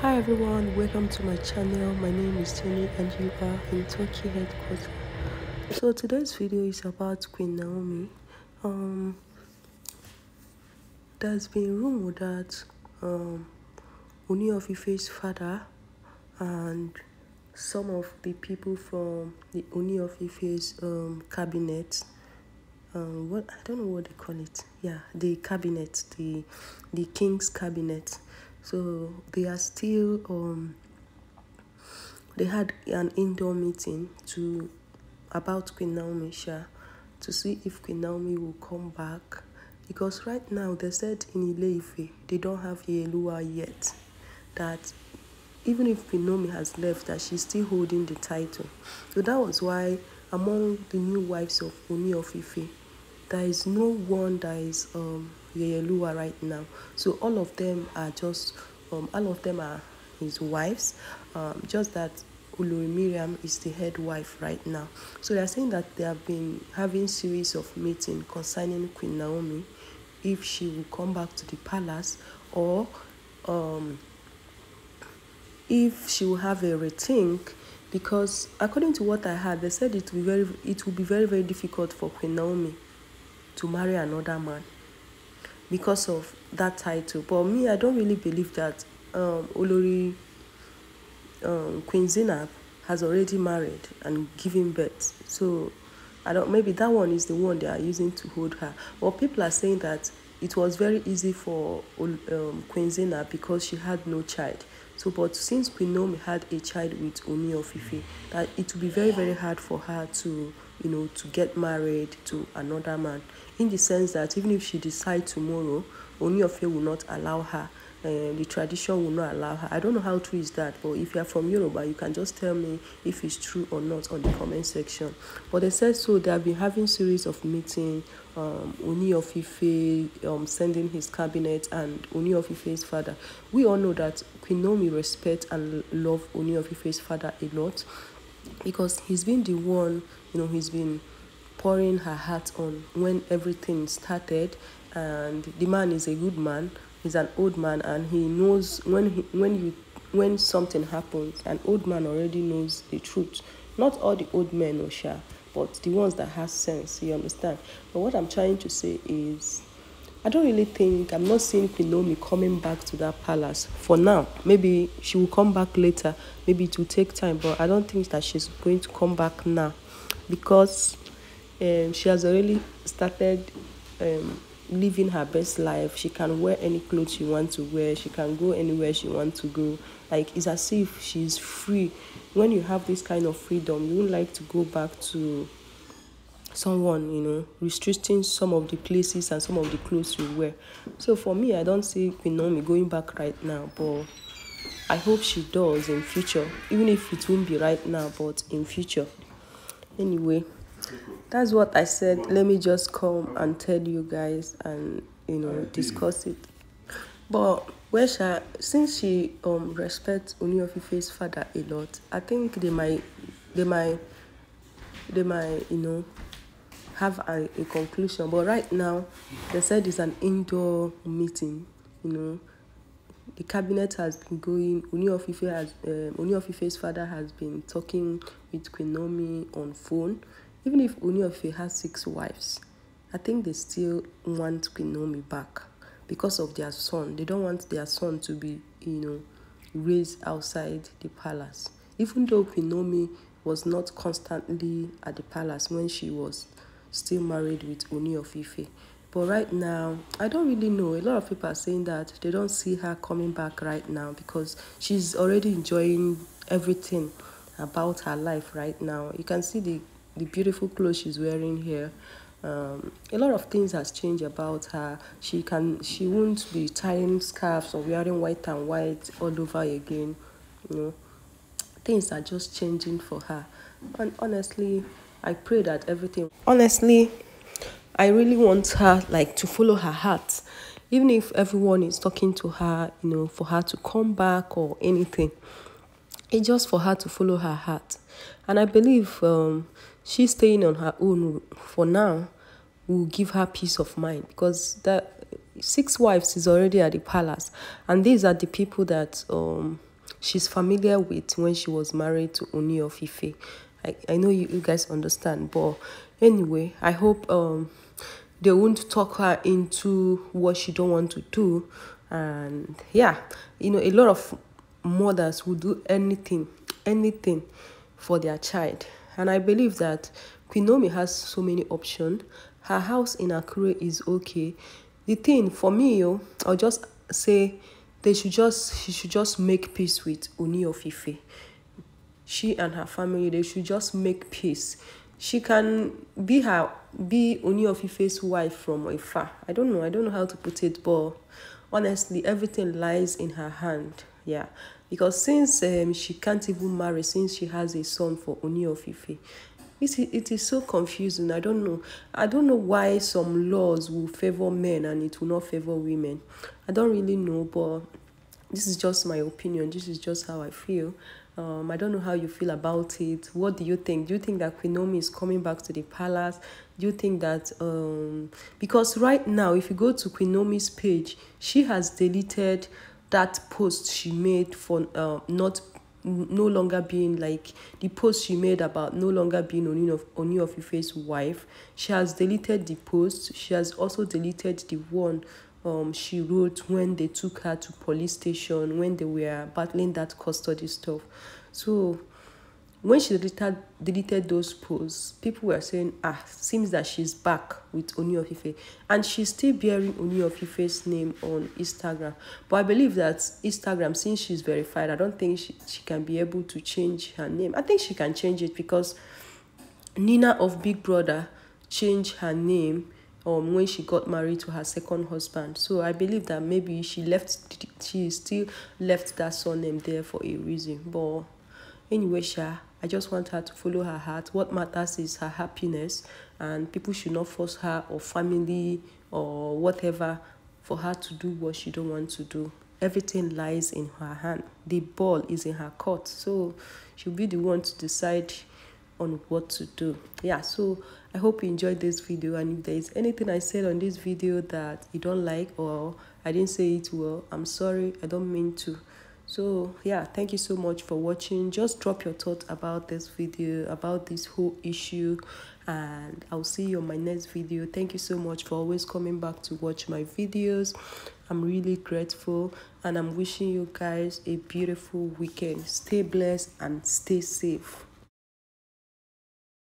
hi everyone welcome to my channel my name is Tony and you are in Turkey headquarters so today's video is about Queen Naomi um there's been rumor that um Ooni of Ife's father and some of the people from the Uni of Ife's um cabinet um, what I don't know what they call it. Yeah, the cabinet, the the king's cabinet. So they are still um they had an indoor meeting to about Queen Naomi Shah to see if Queen Naomi will come back because right now they said in ile they don't have Yelua yet that even if Queen Naomi has left that she's still holding the title. So that was why among the new wives of Oni of there is no one that is um Yeyeluwa right now. So all of them are just, um, all of them are his wives. Um, just that Uluri Miriam is the head wife right now. So they are saying that they have been having series of meeting concerning Queen Naomi, if she will come back to the palace or um, if she will have a rethink because according to what I heard, they said it will be very, it will be very, very difficult for Queen Naomi to marry another man because of that title. But me, I don't really believe that um, Olori um, Queen Zinab has already married and given birth. So I don't. Maybe that one is the one they are using to hold her. But people are saying that it was very easy for um, Queen Zinab because she had no child. So, but since Queen Nomi had a child with Omi of that it would be very very hard for her to you know, to get married to another man. In the sense that even if she decides tomorrow, Oniofe will not allow her. Uh, the tradition will not allow her. I don't know how true is that, but if you are from Yoruba, you can just tell me if it's true or not on the comment section. But they said so. They have been having series of meeting. Um, Oni of um, sending his cabinet and Oni of father. We all know that know we respect and love Oni of father a lot because he's been the one you know he's been pouring her heart on when everything started and the man is a good man he's an old man and he knows when he, when you when something happens an old man already knows the truth not all the old men osha but the ones that have sense you understand but what i'm trying to say is I don't really think I'm not seeing Pinomi coming back to that palace for now. Maybe she will come back later. Maybe it will take time, but I don't think that she's going to come back now because um, she has already started um, living her best life. She can wear any clothes she wants to wear. She can go anywhere she wants to go. Like it's as if she's free. When you have this kind of freedom, you would like to go back to someone, you know, restricting some of the places and some of the clothes you wear. So for me, I don't see Quinomi going back right now, but I hope she does in future, even if it won't be right now, but in future anyway that's what i said let me just come and tell you guys and you know discuss it but Wesha, since she um respects Uniofife's father a lot, I think they might they might they might, you know, have a, a conclusion. But right now they said it's an indoor meeting, you know the cabinet has been going. Oni of has um, Oni father has been talking with Queen on phone. Even if Oni of has six wives, I think they still want Queen back because of their son. They don't want their son to be you know raised outside the palace. Even though Queen was not constantly at the palace when she was still married with Oni of but right now, I don't really know. A lot of people are saying that they don't see her coming back right now because she's already enjoying everything about her life right now. You can see the, the beautiful clothes she's wearing here. Um, a lot of things has changed about her. She can she won't be tying scarves or wearing white and white all over again. You know, things are just changing for her. And honestly, I pray that everything. Honestly, I really want her like to follow her heart, even if everyone is talking to her, you know, for her to come back or anything. It's just for her to follow her heart, and I believe um, she's staying on her own for now will give her peace of mind because the six wives is already at the palace, and these are the people that um she's familiar with when she was married to Oni of I, I know you, you guys understand, but anyway, I hope um they won't talk her into what she don't want to do and yeah you know a lot of mothers will do anything anything for their child and i believe that quinomi has so many options her house in akure is okay the thing for me i'll just say they should just she should just make peace with oni of ife she and her family they should just make peace she can be her be Oni of Ife's wife from afar. I don't know. I don't know how to put it, but honestly, everything lies in her hand. Yeah, because since um, she can't even marry, since she has a son for Oni of Ife, it, it is so confusing. I don't know. I don't know why some laws will favor men and it will not favor women. I don't really know, but this is just my opinion. This is just how I feel. Um, I don't know how you feel about it. What do you think? Do you think that Quinomi is coming back to the palace? Do you think that um because right now if you go to Quinomi's page, she has deleted that post she made for uh, not no longer being like the post she made about no longer being on of Oni of Ife's wife. She has deleted the post. She has also deleted the one um, she wrote when they took her to police station when they were battling that custody stuff so when she deleted, deleted those posts people were saying ah seems that she's back with oni Ofife. and she's still bearing oni Ofife's name on instagram but i believe that instagram since she's verified i don't think she, she can be able to change her name i think she can change it because nina of big brother changed her name um, when she got married to her second husband. So I believe that maybe she left, she still left that surname there for a reason. But anyway, Sha, I just want her to follow her heart. What matters is her happiness, and people should not force her or family or whatever for her to do what she don't want to do. Everything lies in her hand. The ball is in her court, so she'll be the one to decide on what to do yeah so i hope you enjoyed this video and if there is anything i said on this video that you don't like or i didn't say it well i'm sorry i don't mean to so yeah thank you so much for watching just drop your thoughts about this video about this whole issue and i'll see you on my next video thank you so much for always coming back to watch my videos i'm really grateful and i'm wishing you guys a beautiful weekend stay blessed and stay safe